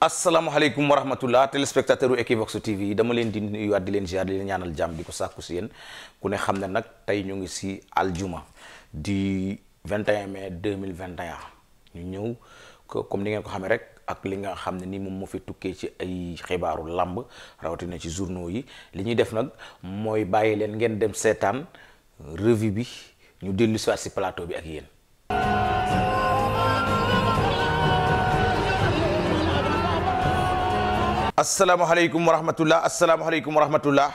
asalaamaaleykum wa rahmatullah téléspectateur u Equivox TV dama leen di nuyuwaat di leen ziar di leen ñaanal jàmm di ko sàkku si yéen ku ne xam ne nag tey ñoo ngi si aljuma di 21 mai 2021 ñu ñëw comme ni ngeen ko xamee rek ak li nga xam ne ni moom moo fi tukkee ci ay xibaaru làmb rawatina ci journaux yi li ñuy def nag mooy bàyyi leen ngeen dem seetaan revue bi ñu dellu si waat si plateau bi ak yéen asalaamaaleykum wa rahmatullah asalaamaaleykum wa rahmatullah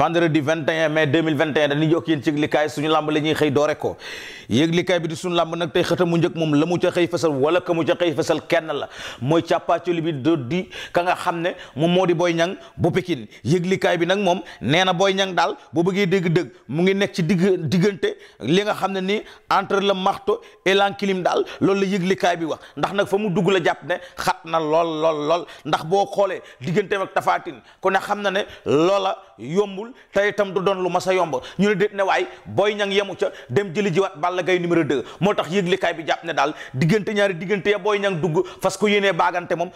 vendredi 21 mai 2021 dañuy jokk yéen ci likaay suñu làmb la ñuy xëy doore ko yëglikaay bi di sunu làmb nag tey xëtam mu njëkk moom la mu ca xëy fasal wala ka mu ca xëy fasal kenn la mooy càppaacoli bi do di ka nga xam ne moom moo di Boy Niang bu Pikine yëglikaay bi nag moom nee na Boy Niang daal boo bëggee dégg-dëgg mu ngi nekk ci digg diggante li nga xam ne ni entre le marteau et l'enclume daal loolu la yëglikaay bi wax ndax nag fa mu dugg la jàpp ne xat na lool lool lool ndax boo xoolee diggante ak tafaatin ku ne xam na ne loola yombul te du doon lu mas a yomb ñu ne déet waay Boy Niang yemu ca dem jëli jiwaat ball Balla Gaye numéro 2 moo tax yëglekaay bi jàpp ne daal diggante ñaari diggante ya booy ñang dugg fas ko yéenee baagante moom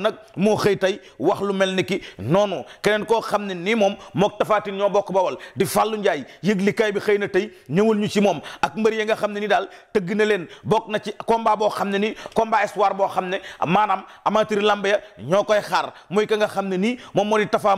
nag moo xëy tey wax lu mel ni ki noonu keneen koo xam ne nii moom mook tafaatin ñoo bokk bawal di Fallou Ndiaye yëglekaay bi xëy na tey ñëwal ñu ci moom ak mbër ya nga xam ne ni daal tëgg na leen bokk na ci combat boo xam ne ni combat espoir boo xam ne maanaam amateur làmb ya koy xaar muy ka nga xam ne nii moom moo di tafaa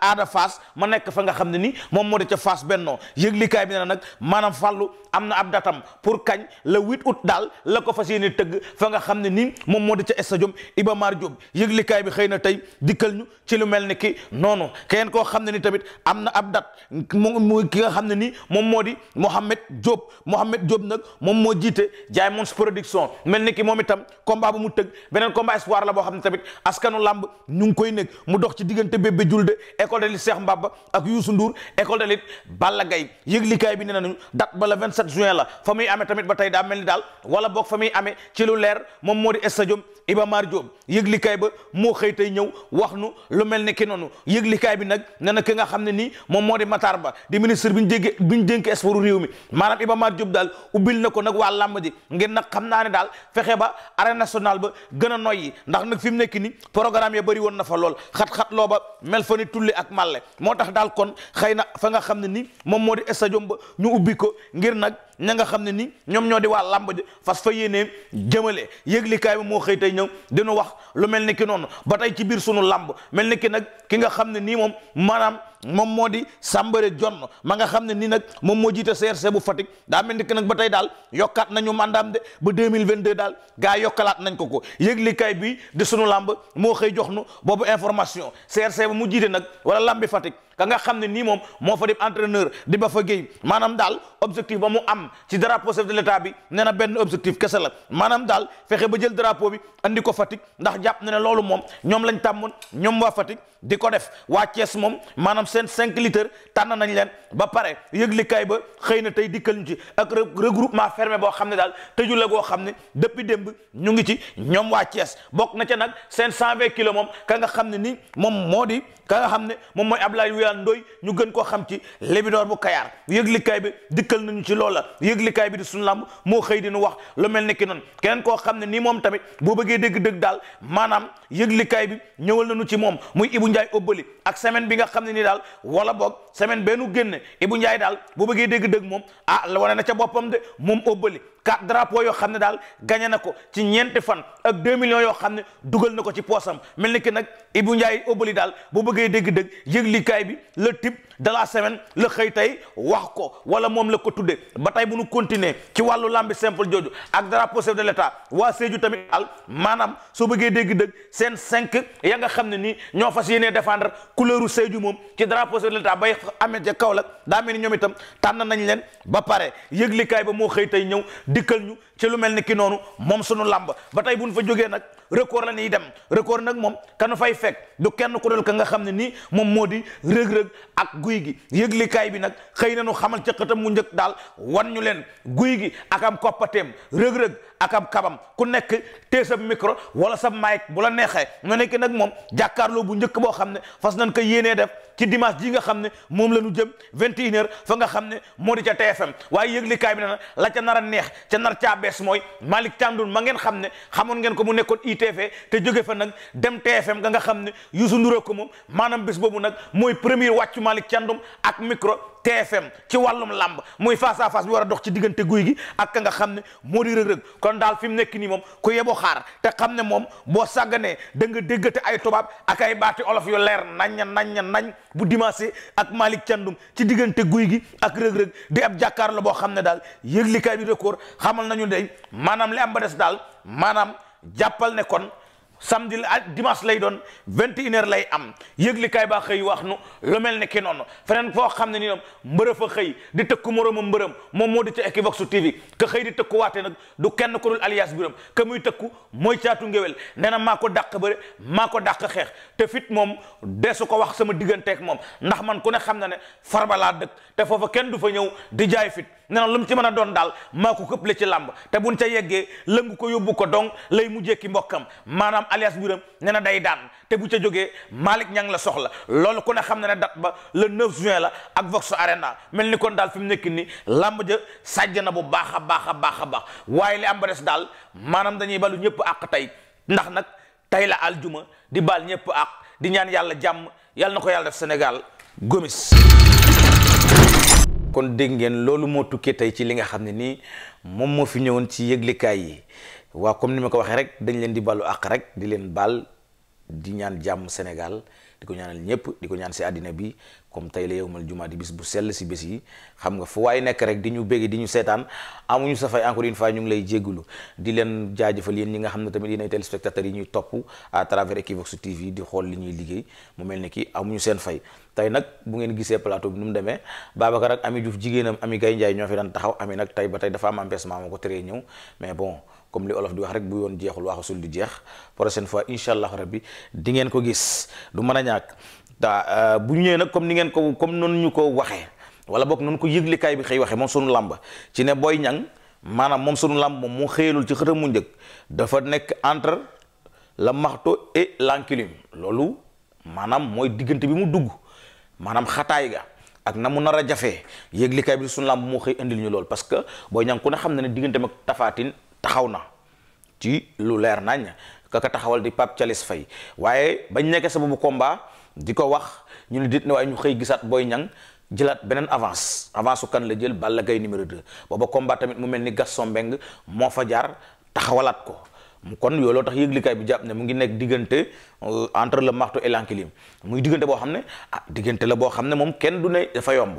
aada faas ma nekk fa nga nga xam ne ni moom moo di ca Fass Benno yëglikaay bi ne nag maanaam fàllu am na ab datam pour kañ le 8 août daal la ko fas yéene tëgg fa nga xam ne nii moom moo di ca stadium Iba Mar Diop yëglikaay bi xëy na tey dikkal ñu ci lu mel ni ki noonu keneen koo xam ne ni tamit am na ab dat mu ki nga xam ne ni moom moo di Mohamed Diop Mohamed Diop nag moom moo jiite Diamonds Production mel ni ki moom itam combat bu mu tëgg beneen combat espoir la boo xam ne tamit askanu làmb ñu ngi koy nekk mu dox ci diggante bébé julde école de li Cheikh Mbaba ak Youssou Ndour école de lutte Balla Gaye yëglikaay bi nee nañu date ba le 27 juin la fa muy amee tamit ba tey daa mel ni daal wala boog fa muy amee ci lu leer moom moo di stadium Iba Mar Diop yëglikaay ba moo xëy tey ñëw wax nu lu mel ni ki noonu yëglikaay bi nag nee na ki nga xam ne nii moom moo di Matar Ba di ministre bi ñu jéggi bi ñu dénk réew mi maanaam Iba Mar Diop daal ubbil na ko nag waa làmb ji ngir nag xam naa ne daal fexe ba arène national ba gën a noyyi ndax nag fi mu nekk ni programme ya woon na fa lool xat loo ba mel fa ni tulli woon xëy na fa nga xam ne ni moom moo di stade ba ñu ubbi ko ngir nag ña nga xam ne ni ñoom ñoo di waa làmb ji fas fa yéenee jëmale yëglikaay bi moo xëy tey ñëw dinu wax lu mel ni ki noonu ba tey ci biir sunu làmb mel ni ki nag ki nga xam ne nii moom maanaam moom moo di Sambare Jonn ma nga xam ne nii nag moom moo jiite CRC bu Fatick daa mel ni que nag ba tey daal yokkaat nañu mandaam de ba 2022 daal gaa yokkalaat nañ ko ko yëglikaay bi di sunu làmb moo xëy jox nu boobu information CRC bi mu jiite nag wala làmbi Fatick ka nga xam ne nii moom moo fa di entraîneur di ba fa géey maanaam daal objectif ba mu am ci drapeau chef de bi nee na benn objectif kese la maanaam daal fexe ba jël drapeau bi andi ko Fatick ndax jàpp na ne loolu moom ñoom lañ tàmmoon ñoom waa Fatick di ko def waa Thiès moom maanaam seen cinq litres tànn nañ leen ba pare yëglikaay ba xëy na tey dikkal ñu ci ak regroupement ferme boo xam ne daal tëju la goo xam ne depuis démb ñu ngi ci ñoom waa Thiès bokk na ca nag seen cent vingt kilos moom ka nga xam ne nii moom moo di ka nga xam ne moom mooy Abdoulaye Wilane Ndoye ñu gën koo xam ci Libidor bu Kayaar yëglikaay bi dikkal nañu ci loola yëglikaay bi di suñu làmb moo xëy di nu wax lu mel ni ki noonu keneen koo xam ne nii moom tamit boo bëggee dégg-dëgg daal maanaam yëglikaay bi ñëwal nañu ci moom muy Ibou Ndiaye ëbbali ak semaine bi nga xam ne ni daal wala boog semaine beenu génne Ibou Ndiaye daal bu bëggee dégg-dëgg moom ah la wane na ca boppam de moom ëbbali quatre drapeaux yoo xam ne daal gagné na ko ci ñeenti fan ak deux millions yoo xam ne dugal na ko ci poosam mel ni ki nag Ibou Ndiaye Obali daal boo bëggee dégg-dëgg yëglikaay bi le type de la semaine la xëy tey wax ko wala moom la ko tuddee ba tey bu nu continuer ci wàllu lambi simple jooju ak drapeau chef de l'état waa Sédhiou tamit al maanaam soo bëggee dégg-dëgg seen cinq ya nga xam ne nii ñoo fas yéenee défendre couleuru Sédhiou moom ci drapeau chef de bay amee ca Kaolack daa mel ni ñoom itam tànn nañ leen ba pare yëglikaay ba moo xëy tey ñëw dikkal ñu ci lu mel ni ki noonu moom sunu làmb ba tey bu nu fa jógee nag record la ñuy dem record nag moom kanu fay fekk du kenn ku dul ka nga xam ne nii moom moo di rëg-rëg ak guy gi yëglikaay bi nag xëy na nu xamal ci xëtam mu njëkk daal wan ñu leen guy gi ak am koppateem rëg ak am kabam ku nekk tee sa micro wala sa mic bu la neexee ñu nekk nag moom jàkkaarloo bu njëkk boo xam ne fas nañ ko yéenee def ci dimanche ji nga xam ne moom la ñu jëm vingt et une nga xam ne moo di ca TFM waaye yëglikaay bi na la ca nar a neex ca nar caa bees mooy Malick Thiandoum ma ngeen xam ne xamoon ngeen ko mu nekkoon ITV te jóge fa nag dem TFM nga nga xam ne Youssou Ndour ko moom maanaam bés boobu nag mooy premier wàccu Malick Thiandoum ak micro TFM ci wàllum làmb muy face à face bi war a dox ci diggante guy gi ak ka nga xam ne moo di rëg-rëg kon daal fi mu nekk nii moom ku yebo xaar te xam ne moom boo sàgganee da nga déggate ay tubaab ak ay baati olof yu leer nañña nañña nañ bu dimanche ak Malick Thiandoum ci diggante guy gi ak rëg-rëg di ab jàkkaarloo boo xam ne daal yëglikaay bi record xamal nañu dey maanaam li am des daal maanaam jàppal ne kon samedi dimanche lay doon vingt et une heures lay am yëglikaay baa xëy wax nu lu mel ne ki noonu feneen foo xam ne ni ñoom mbërë fa xëy di tëkku moroomam mbërëm moom moo de ca Equivox TV ka xëy di tëkku waate nag du kenn ko dul alias biram ka muy tëkku mooy caatu ngéwél nee na maa ko dàq bëre maa ko dàq xeex te fit moom deesu ko wax sama digganteek moom ndax man ku ne xam na ne farba laa dëkk te foofa kenn du fa ñëw di jaay fit nee na lu mu ci mën a doon daal maa ko këpple ci làmb te bu buñ ca yeggee lëngu ko yóbbu ko dong lay mujjee ki mbokkam maanaam alias biram nee na day daan te bu ca jógee Malick Niang la soxla loolu ku ne xam ne ne date ba le 9 juin la ak Vox Arena mel ni kon daal fi mu nekk nii làmb ja sàjj na bu baax a baax a baax a baax waaye li am ba des daal maanaam dañuy balu ñëpp àq tey ndax nag tey la aljuma di baal ñëpp àq di ñaan yàlla jàmm yàlla na ko yàlla def Sénégal gomis kon dégg ngeen loolu moo tukkee tey ci li nga xam ne nii moom moo fi ñëwoon ci yëglikaay yi waa comme ni ma ko waxee rek dañ leen di balu àq rek di leen baal di ñaan jàmm senegal di ko ñaanal ñëpp di ko ñaan si àddina bi comme tey la yowmal jumaa di bis bu sell si bis yi xam nga fu waaye nekk rek di ñu bégg di ñu seetaan amuñu sa fay encore une fois ñu ngi lay jéggulu di leen jaajëfal yéen ñi nga xam ne tamit yéenay téléspectateurs yi ñuy topp à travers Equivox TV di xool li ñuy liggéey mu mel ni ki amuñu seen fay tey nag bu ngeen gisee plateau bi nu mu demee baabaka ak Ami Diouf jigéenam Ami Gaye Ndiaye ñoo fi daan taxaw Ami nag tey ba tey dafa am empêchement moo ko teree ñëw mais bon comme li olof di wax rek bu yoon jeexul waxasul di jeex prochaine fois incha allah bi di ngeen ko gis du mën a ñàkk daa euh, bu ñëwee nag comme ni ngeen ko comme noonu ñu ko waxee wala bokk noonu ko yëglikaay bi xëy waxee moom sunu làmb ci ne booy Niang maanaam moom suñu làmb moom mu xëyalul ci xëtam mu njëkk dafa nekk entre le marteau et l'enclume loolu maanaam mooy diggante bi mu dugg maanaam xataay ga ak na mu nar a jafee yëglikaay bi suñu làmb mu xëy indil ñu lool parce que Boy Niang ku ne xam na ne digganteem ak tafaatin taxaw na ci lu leer nañ kaka taxawal di Pape Thialis fay waaye bañ nekkee sa boobu combat di ko wax ñu ne dit ne waaye ñu xëy gisaat booy Niang jëlaat beneen avance avance su kan la jël Balla gay numéro 2 booba combat tamit mu mel ni Gaston mbeng moo fa jaar taxawalaat ko kon yooloo tax yëglikaay bi jàpp ne mu ngi nekk diggante euh, entre le marteau et l'enclume muy diggante boo xam ne ah diggante la boo xam ne moom kenn du ne dafa yomb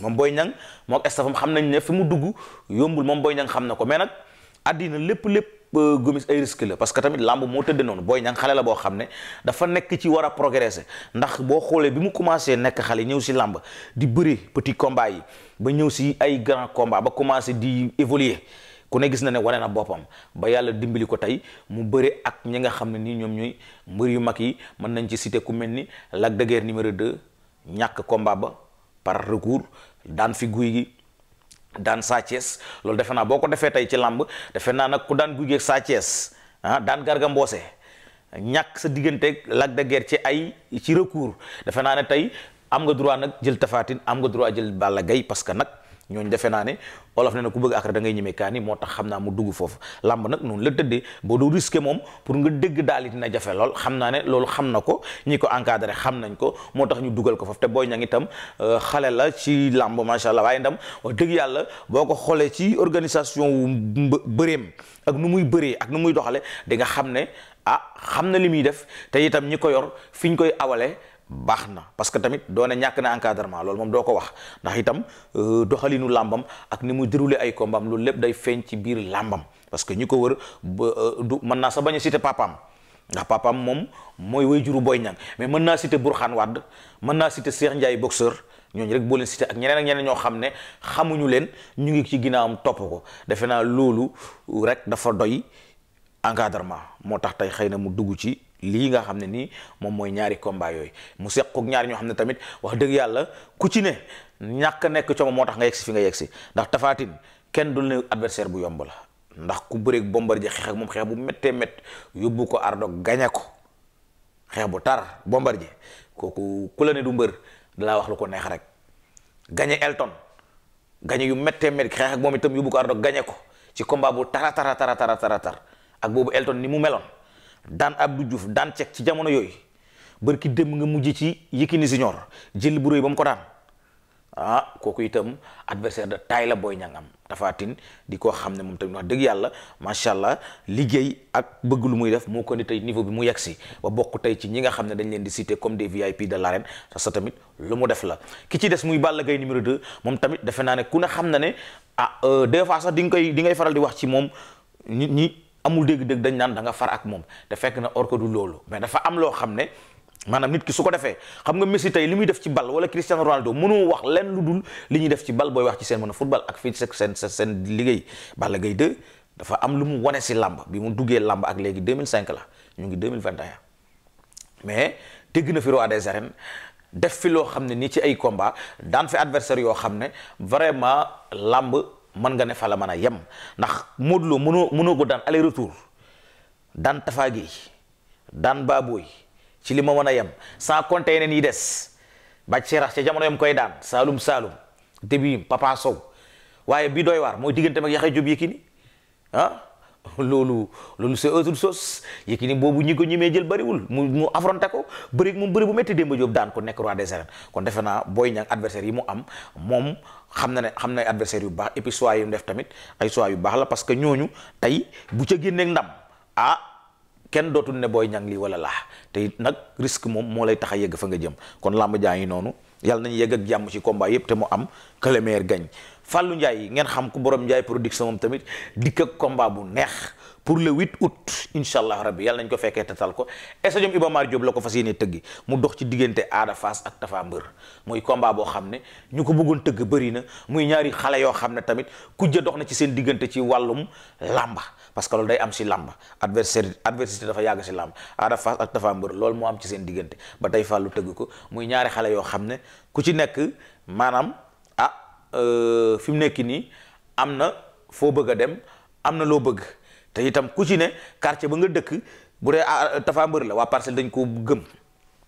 moom booy Niang moo ak estafam xam nañ ne fi mu dugg yombul moom Boy Niang xam na ko mais nag àddina lépp lépp euh, gomis ay risque la parce que tamit lamb moo tëdd noonu Boy Niang xale la boo xam ne dafa nekk ci war a progresser ndax boo xoolee bi mu commencé nekk xale ñëw si lamb di bëri petit combat yi ba ñëw si ay grand combat ba commencé di évoluer ku ne gis na ne wane na boppam ba yàlla dimbali ko tey mu bëre ak ñi nga xam ne nii ñoom ñooy mbër yu mag yi mën nañ ci cité ku mel ni Lac de numéro 2 ñàkk combat ba par recours daan fi guy gi daan Sa loolu defe naa boo ko defee tey ci làmb defe naa nag ku daan guy gi ak ah daan Garga Mbossé ñàkk sa diggante Lac de ci ay ci recours defe naa ne tey am nga droit nag jël Tapha Tine am nga droit jël Balla Gaye parce que nag ñooñ defe naa ne olof ne na ku bëgg akra da ngay ñemee kaani moo tax xam naa mu dugg foofu làmb nag noonu la tëddee boo du risqué moom pour nga dégg daal dina jafe lool xam naa ne loolu xam na ko ñi ko encadré xam nañ ko moo tax ñu dugal ko foofu te booy ñang itam euh, xale la ci làmb macha allah waaye ndam wax dëgg yàlla boo ko xoolee ci organisation wu bëreem ak nu muy bëree ak nu muy doxale di nga xam ne ah xam na li muy def te itam ñi ko yor fi ñu koy awale baax na parce que tamit doone ñàkk na encadrement loolu moom doo ko wax ndax itam euh, doxalinu làmbam ak ni muy déroulé ay kombaam loolu lépp day feeñ ci biir làmbam parce que ñi ko wër euh, du mën naa sa bañ a cité papaam ndax papaam moom mooy way juru booy Niang mais mën naa cité Bourkhane wàdd mën naa cité Cheikh Ndiaye boxeur ñooñu rek boo leen ak ñeneen ak ñeneen ñoo xam ne xamuñu leen ñu ngi ci ginnaawam topp ko defe naa loolu rek dafa doy encadrement moo tax tey xëy na mu dugg ci lii nga xam ne nii moom mooy ñaari combat yooyu mu seq kook ñaari ñoo xam ne tamit wax dëgg yàlla ku ci ne ñàkk nekk coomo moo tax nga yegsi fi nga yegsi ndax tafaatin kenn dul ne bu yomb la ndax ku bëreeg Bombardier xeex moom xeex bu méttee mét yóbbu ko ardo gañe ko xeex bu tar Bombardier kooku ku la ne du mbër dalaa wax lu ko neex rek gañe Elton gañe yu méttee mét xeex ak moom itam yóbbu ko ardo gañe ko ci combat bu tara tara tara tara tara tar ak boobu Elton ni mu meloon daan Abdou Diouf daan cek ci jamono yooyu bërki dem nga mujj ci Yékini Junior jël bu rëy ba mu ko daan ah kooku itam adversaire de taille la Boy Niang am tafaatin di ko xam ne moom tamit wax dëgg yàlla macha allah liggéey ak bëgg lu muy def moo ko bi mu yegg si ba bokk tey ci ñi nga xam ne dañ leen di citer comme des VIP de l'arène sa tamit lu mu def la ki ci muy Balla Gaye numéro 2 moom tamit defe naa ne ku ne xam na ne ah euh, des fois sax di nga koy di ngay faral di wax ci moom ñi ñi amul dégg-dégg dañ naan danga far ak moom te fekk na or ko loolu mais dafa am loo xam ne manaam nit ki su ko defee xam nga Messi tey li muy def ci bal wala Cristiano Ronaldo mënoo wax lenn lu dul li ñuy def ci bal booy wax ci seen mën a football ak fii ci seen seen liggéey Balla Gaye 2 dafa am lu mu wane si làmb bi mu duggee làmb ak léegi 2005 la ñu ngi 2021 mais dégg na fi roi des arènes def fi loo xam ne nii ci ay combat daan fi adversaire yoo xam ne vraiment làmb mën nga ne fa la mën a yem ndax Modou Lo mënoo mënoo ko daan aller retour daan Tapha Guèye daan Baboy ci li ma mën a yem sans compter yi des bàcc seerax ca jamono yam koy daan Saalum Saalum début Papa Sow waaye bi doy waar mooy diggante mag Yaxya Jóob Yékini ah loolu loolu c'est autre chose Yékini boobu ñi ko ñimee jël bariwul mu mu affronté ko bëri moom bëri bu métti Demba Diop daan ko nekk roi des arènes kon defe naa Boy Niang adversaire yi mu am moom xam na ne xam na adversaire yu baax et puis yu def tamit ay choix yu baax la parce que ñooñu tey bu ca génneeg ndam ah kenn dootul ne booy Niang lii wala laa te it nag risque moom moo lay tax a yegg fa nga jëm kon làmb jaa ngi noonu yàlla nañ yegg ak jàmm ci combat yëpp te mu am que le Fallou yi ngeen xam ko borom Ndiaye production moom tamit dikk ak combat bu neex pour le 8 août incha allah rabbi yàlla nañ ko fekkee tatal ko stadium Iba Mar Diop la ko fas yéene tëggi dox ci diggante Ada Fass ak Tapha Mbeur muy boo xam ne ñu ko bëggoon tëgg bëri na muy ñaari xale yoo xam ne tamit kujja dox na ci seen diggante ci wàllum làmba parce que loolu day am si làmba adversaire adversité dafa yàgg si làmba Ada Fass ak Tapha Mbeur loolu moo am ci seen diggante ba tey fàllu tëgg ko muy ñaari xale yoo xam ne ku ci nekk maanaam ah, Euh, fi mu nekk nii am na foo bëgg a dem am na loo bëgg te itam ku ci ne quartier ba nga dëkk bu dee ah, Tapha Mbeur la waa parcelle dañ ko gëm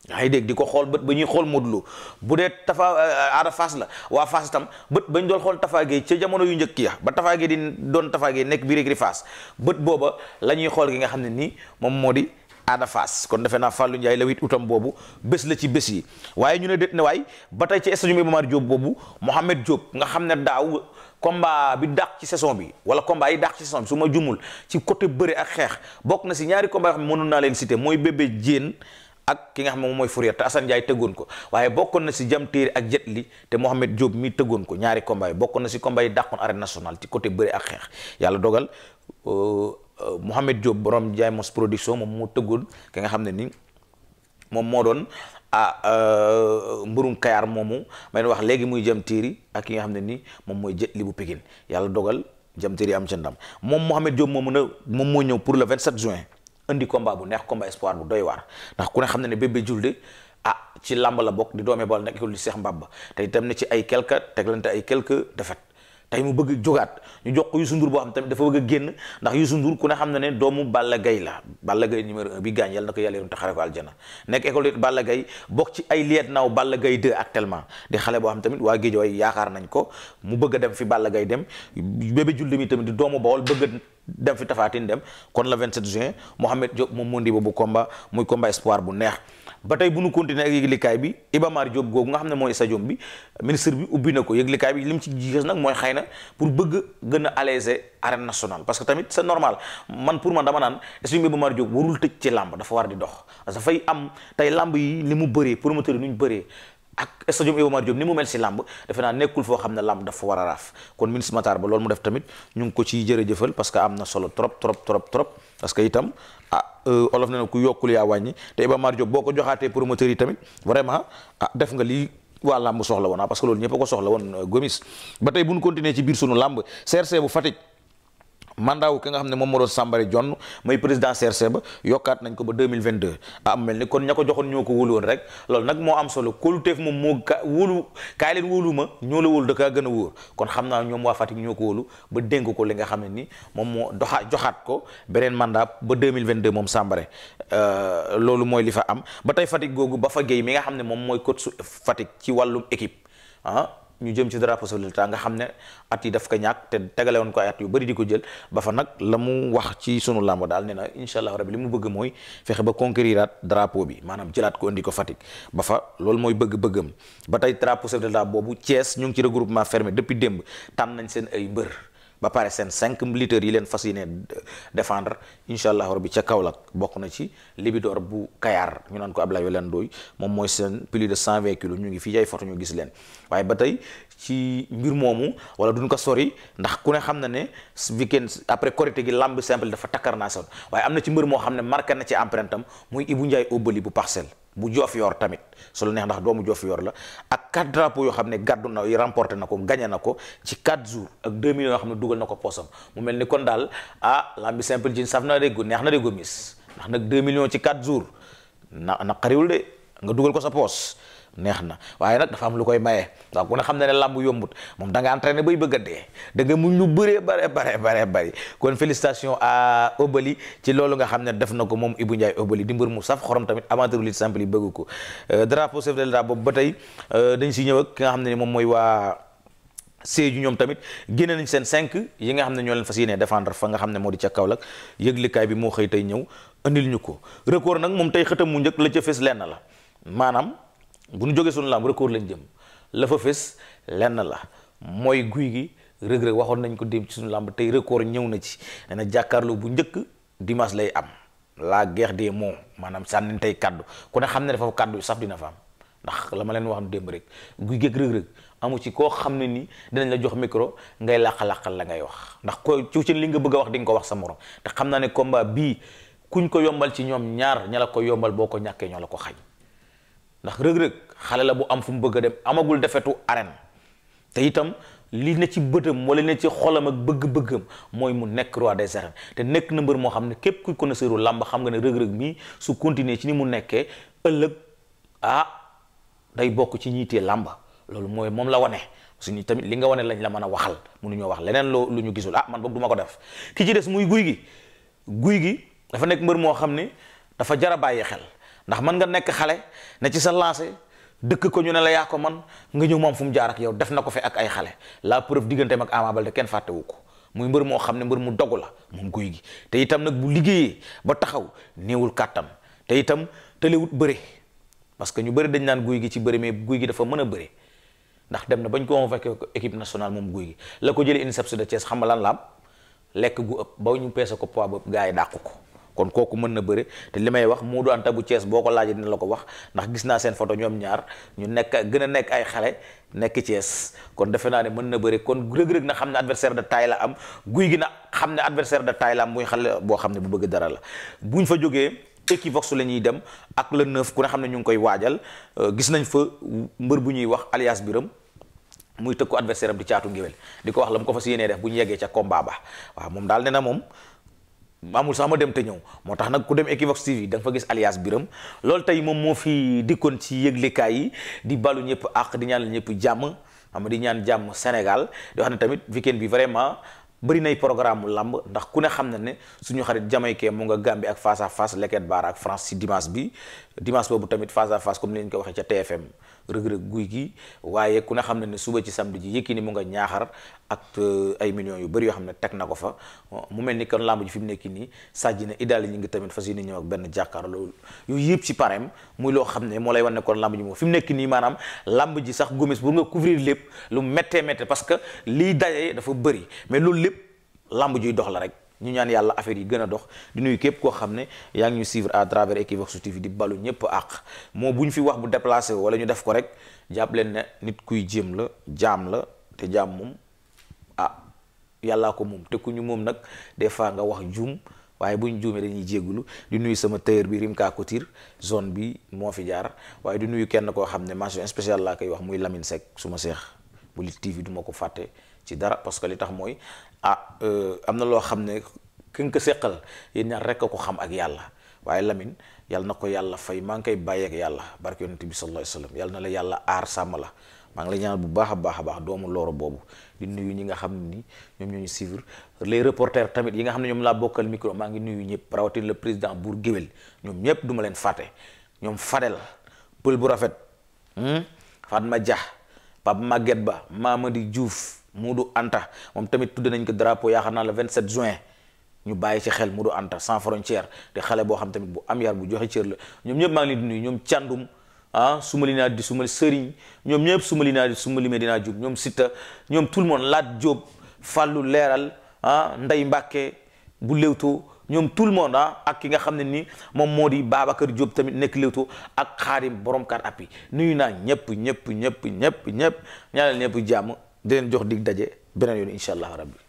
yaa ngi dégg di ko xool bët ba ñuy xool Modou Lo bu dee Tafa euh, Ada Fass la waa fas itam bët bañ doon xool Tafa Gueye ca jamono yu njëkk ya ba Tafa Gueye di doon Tafa Gueye nekk biir écurie fas bët booba la ñuy xool gi nga xam ne nii moom moo di Ada Fass kon defe naa Fallou Ndiaye la wit utam boobu bés la ci bés yi waaye ñu ne déet ne waay ba tey ci stade Iba Mar Diop boobu Mohamed Diop nga xam ne daaw combat bi dàq ci saison bi wala combat yi dàq ci saison bi su jumul ci côté bëre ak xeex bokk na si ñaari combat yoo xam ne mënoon naa leen citer mooy bébé Diène ak ki nga xam ne moom mooy Fourier te Assane Ndiaye tëggoon ko waaye bokkoon na si jam téere ak jet li te Mohamed Diop mi tëggoon ko ñaari combat yi bokkoon na si combat yi dàqoon arène nationale ci côté bëre ak xeex yàlla dogal euh, Euh, Mouhamed Diop borom Ndiaye production moom moo tëggoon ki nga xam ne ni moom moo doon ah euh, mburum kayaar moomu may wax léegi muy jëm tiiri ak ki nga xam ne ni moom mooy jët li bu Pikine yàlla dogal jëm tiiri am ca ndam moom Mouhamed Diop moomu na moom moo ñëw pour le 27 juin indi combat bu neex combat espoir bu doy waar ndax ku ne xam ne ne bébé julde ah ci làmb la bokk di doomee bal nekk lu Seex ba te itam ne ci ay quelque teglante ay quelque défaite tey mu bëgg jógaat ñu jox ko Youssou Ndour boo xam tamit dafa bëgg a génn ndax Youssou Ndour ku ne xam na ne doomu Balla gay la Balla gay numéro bi gaañ yàlla na ko yàlla yërëm te xare ko aljana nekk école Balla Gaye bokk ci ay liet naaw Balla Gaye 2 actuellement di xale boo xam tamit waa Guédiawaye yaakaar nañ ko mu bëgg a dem fi Balla gay dem bébé julli mi tamit di doomu Bawol bëgg dem fi Tapha Tine dem kon le 27 juin Mohamed Diop moom moo ndi boobu combat muy combat espoir bu neex ba tey bu nu continuer ak yëglikaay bi Iba Mar Diop googu nga xam ne mooy stadium bi ministre bi ubbi na ko yëglikaay bi li mu ci gis nag mooy xëy na pour bëgg gën a alléger arène nationale parce que tamit c'est normal man pour man dama naan stadium Iba Mar Diop warul tëj ci làmb dafa war di dox parce que am tey làmb yi li mu bëree pour yi nu ñu bëree ak stadium Iba Mar Diop ni mu mel si làmb defe naa nekkul foo xam ne làmb dafa war a raaf kon ministre Matar ba loolu mu def tamit ñu ngi ko ciy jërëjëfal parce que am na solo trop trop trop trop parce que itam ah euh, olof na ku yokkul yaa wàññi te Iba Mar Diop boo ko joxaatee promoteur yi tamit vraiment ah def nga lii waa làmb soxla woon ah parce que loolu ñëpp a ko soxla woon euh, Gomis ba tey bu ñu continuer ci biir sunu làmb CRC bu Fatick. mandat wu ki nga xam ne moom moo doon Sambary Dione mooy président CRC ba yokkaat nañ ko ba 2022 am ah, mel ni kon ña ko joxoon ñoo ko wóolu woon rek loolu nag moo am solo kóoluteef moom moo ka wóolu kaay leen wóolu ma ñoo la wóolu da kaa gën a wóor kon xam naa ñoom waa Fatick ñoo ko wóolu ba dénk ko li nga xam ne ni moom moo doxa joxaat ko beneen mandat ba 2022 moom Sambary euh, loolu mooy li fa am ba tey Fatick googu ba fa géey mi nga xam ne moom mooy coach su Fatick ci wàllum équipe ah ñu jëm ci drapeau solidarité nga xam ne at yi daf ko ñàkk te tegale woon ko ay at yu bëri di ko jël ba fa nag la mu wax ci sunu làmb daal ne na incha allah rabi li mu bëgg mooy fexe ba conquériraat drapeau bi maanaam jëlaat ko indi ko Fatick ba fa loolu mooy bëgg-bëggam ba tey drapeau solidarité boobu cees ñu ngi ci regroupement fermé depuis démb tànn nañ seen ay mbër ba pare seen cinq lutteurs yi leen fas yéene défendre incha allah rabbi ca kaw Kaolack bokk na ci Libidor bu Kayar ñu naan ko ab Ablaye leen dooy moom mooy seen plus de cent vingt kilos ñu ngi fii ay photo ñu gis leen waaye ba tey ci mbir moomu wala duñ ko sori ndax ku ne xam na ne weekend après Korité gi lamb simple dafa takkar naa son waaye am na ci mbir moo xam ne marqué na ci empreinte am muy Ibou Ndiaye Obali bu parcelle bu joof yor tamit su la neex ndax doomu joof yor la ak quatre drapeaux yoo xam ne gàddu na remporté na ko gagné na ko ci quatre jours ak deux millions yoo xam ne dugal na ko poosam mu mel ni kon daal ah lambi simple jin saf na déggu neex na déggu mis ndax nag deux millions ci quatre jours na na xariwul de nga dugal ko sa poos neex na waaye nag dafa am lu koy maye waaw ku ne xam ne ne làmb yombut moom da nga entraîné bay bëgg dee da nga muñ lu bëree bare bare bare bëri kon félicitation à Obali ci loolu nga xam ne def na ko moom Ibou Ndiaye Obali di mbër mu saf xorom tamit amateur lutte simple yi bëgg ko euh, drapeau chef de l'État boobu ba tey euh, dañ si ñëw ak nga xam ne moom mooy waa Sédhiou ñoom tamit génne nañ seen cinq yi nga xam ne ñoo leen fas yéene défendre fa nga xam ne moo di ca Kaolack yëglikaay bi moo xëy tey ñëw indi lu ñu ko record nag moom tey xëtam mu njëkk la ca fes lenn la maanaam bu ñu jógee suñu làmb recours lañ jëm la fa fes lenn la mooy guy gi rëg-rëg waxoon nañ ko dem ci suñu làmb tey record ñëw na ci nee na jàkkaarloo bu njëkk dimaas lay am laa guerre des moom maanaam sànni tey kàddu ku ne xam ne dafa kaddu saf dina fa am ndax la leen wax démb rek guy géeg rëg-rëg amu ci koo xam ne ni dinañ la jox micro ngay làqa-làqal la ngay wax ndax ko ci ci li nga bëgg a wax di nga ko wax sa morom te xam naa ne combat bii kuñ ko yombal ci ñoom ñaar ña la ko yombal boo ko ñàkkee ñoo la ko xañ ndax rëg-rëg xale la bu am fu mu bëgg dem amagul defetu arène te itam li ne ci bëtam wala li ne ci xolam ak bëgg-bëggam mooy mu nekk roi des arènes te nekk na mbër moo xam ne képp kuy connaisseuru làmb xam nga ne rëg-rëg mii su continuer ci ni mu nekkee ëllëg ah day bokk ci ñiitee làmba loolu mooy moom la wane parce que tamit li nga wane lañ la mën a waxal ñoo wax leneen loo lu ñu gisul ah man boog du ko def ki ci des muy guy gi guy gi dafa nekk mbër moo xam ne dafa jar a bàyyi xel ndax mën nga nekk xale ne ci sa lancé dëkk ko ñu ne la yaa ko man nga ñëw moom fu mu jaar ak yow def na ko fi ak ay xale la preuve digganteem ak Ama Baldé kenn fàttewu ko muy mbër moo xam ne mbër mu dogu la moom guy gi te itam nag bu liggéeyee ba taxaw néewul kàttam te itam tëlewut bëre parce que ñu bëri dañ naan guy gi ci bëre mais guy gi dafa mën a bëre ndax dem na bañ koo ko convoqué équipe nationale moom guy gi la ko jëlee INSEPS de Thiès xam nga lan la lekk gu ëpp ba ñu peese ko poids ba gaa yi dàqu ko kon kooku mën na bëre te li may wax Modou Anta bu Thiès boo ko laajee dina la ko wax ndax gis naa seen photo ñoom ñaar ñu nekk gën a nekk ay xale nekk Thiès kon defe naa ne mën na bëre kon rëg-rëg na xam ne adversaire de taille la am guy gi na xam ne adversaire de taille la am muy xale boo xam ne bu bëgg dara la buñ fa jógee Equivox la ñuy dem ak le neuf ku ne xam ne ñu ngi koy waajal euh, gis nañ fa mbër bu ñuy wax alias Biram muy tëkku adversaire am di caatu ngéwél di ko wax la mu ko fas yéenee def bu ñu yeggee ca combat ba waaw moom moom amul sax ma dem te ñëw moo tax nag ku dem Equivox TV da nga fa gis alias Biram loolu tey moom moo fi dikkoon ci yëglekaay yi di balu ñëpp ak di ñaanal ñëpp jàmm xam di ñaan jàmm Sénégal di wax ne tamit weekend bi vraiment bëri nay programme mu làmb ndax ku ne xam ne ne suñu xarit jamaykee mu nga Gambie ak fasa fas face leket baar ak France si dimanche bi dimanche boobu tamit face a face comme ni ko waxee ca TFM rëg-rëg guy gi waaye ku ne xam ne ne suba ci samedi ji Yékini mu nga ñaaxar ak euh, ay millions yu bëri yoo xam ne teg na ko fa mu mel ni kon làmb ji fi mu nekk nii sàjji na idaali ñu ngi tamit fa yéene ñëw ak benn jàkkaarloo yooyu yëpp ci pareem muy loo xam ne moo lay wan ne kon làmb ji moom fi mu nekk nii maanaam làmb ji sax Gomis bu nga couvrir lépp lu méttee méttee parce que lii daje dafa bëri mai loolu lépp làmb juy dox la rek ñu ñaan yàlla affaire yi gën a dox di nuyu képp koo xam ne yaa ngi ñu suivre à travers Equivox TV di balu ñëpp àq moom bu ñu fi wax bu déplacé wu wala ñu def ko rek jàpp leen ne nit kuy jéem la jaam la te jaam moom ah yàllaa ko moom te ku ñu moom nag des fois nga wax juum waaye bu ñu juumee dañuy jéggulu di nuyu sama tailleur bi ko Couture zone bi moo fi jaar waaye di nuyu kenn koo xam ne mention spéciale laa koy wax muy Lamine Seck su ma seex bu Lutte TV ma ko fàtte ci dara parce que li tax mooy ah euh, am na loo xam ne ki nga ko seqal yéen ñaar rek a ko xam ak yàlla waaye Lamine yàlla na ko yàlla fay maa ngi koy bàyyeek yàlla barke yonent bi sallallahu alayhi wasallam yàlla na la yàlla aar sàmm la maa ngi lay ñaanal bu baax a baax a baax doomu looro boobu di nuyu ñi nga xam ni ñoom ñoo ñu suivre les reporters tamit yi nga xam ne ñoom laa bokkal mikro maa ngi nuyu ñëpp rawatina le président Bour Guéwél ñoom ñëpp duma leen fàtte ñoom Fadel pël bu rafet hmm? Fatma ma Pape Maguette Ba Moodu Anta moom tamit tudd nañ ko drapeau yaakaar naa le 27 juin ñu bàyyi si xel du Anta sans frontière di xale boo xam tamit bu am yar bu joxe cër la ñoom ñëpp maa ngi leen di nuyu ñoom càndum ah sumali naa di sumali sëriñ ñoom ñëpp sumali naa di sumali Medina Diop ñoom Sita ñoom tout le monde Laat Diop fàllu leeral ah Ndey Mbàkke bu Leewtoo ñoom tout le monde ah ak ki nga xam ne ni moom moo di kër Diop tamit nekk Leewtoo ak Xaadim borom kar appi nuyu naa ñëpp ñëpp ñëpp ñëpp ñëpp ñaanal ñëpp jàmm di jox dig daje beneen yoon incha allah rabbi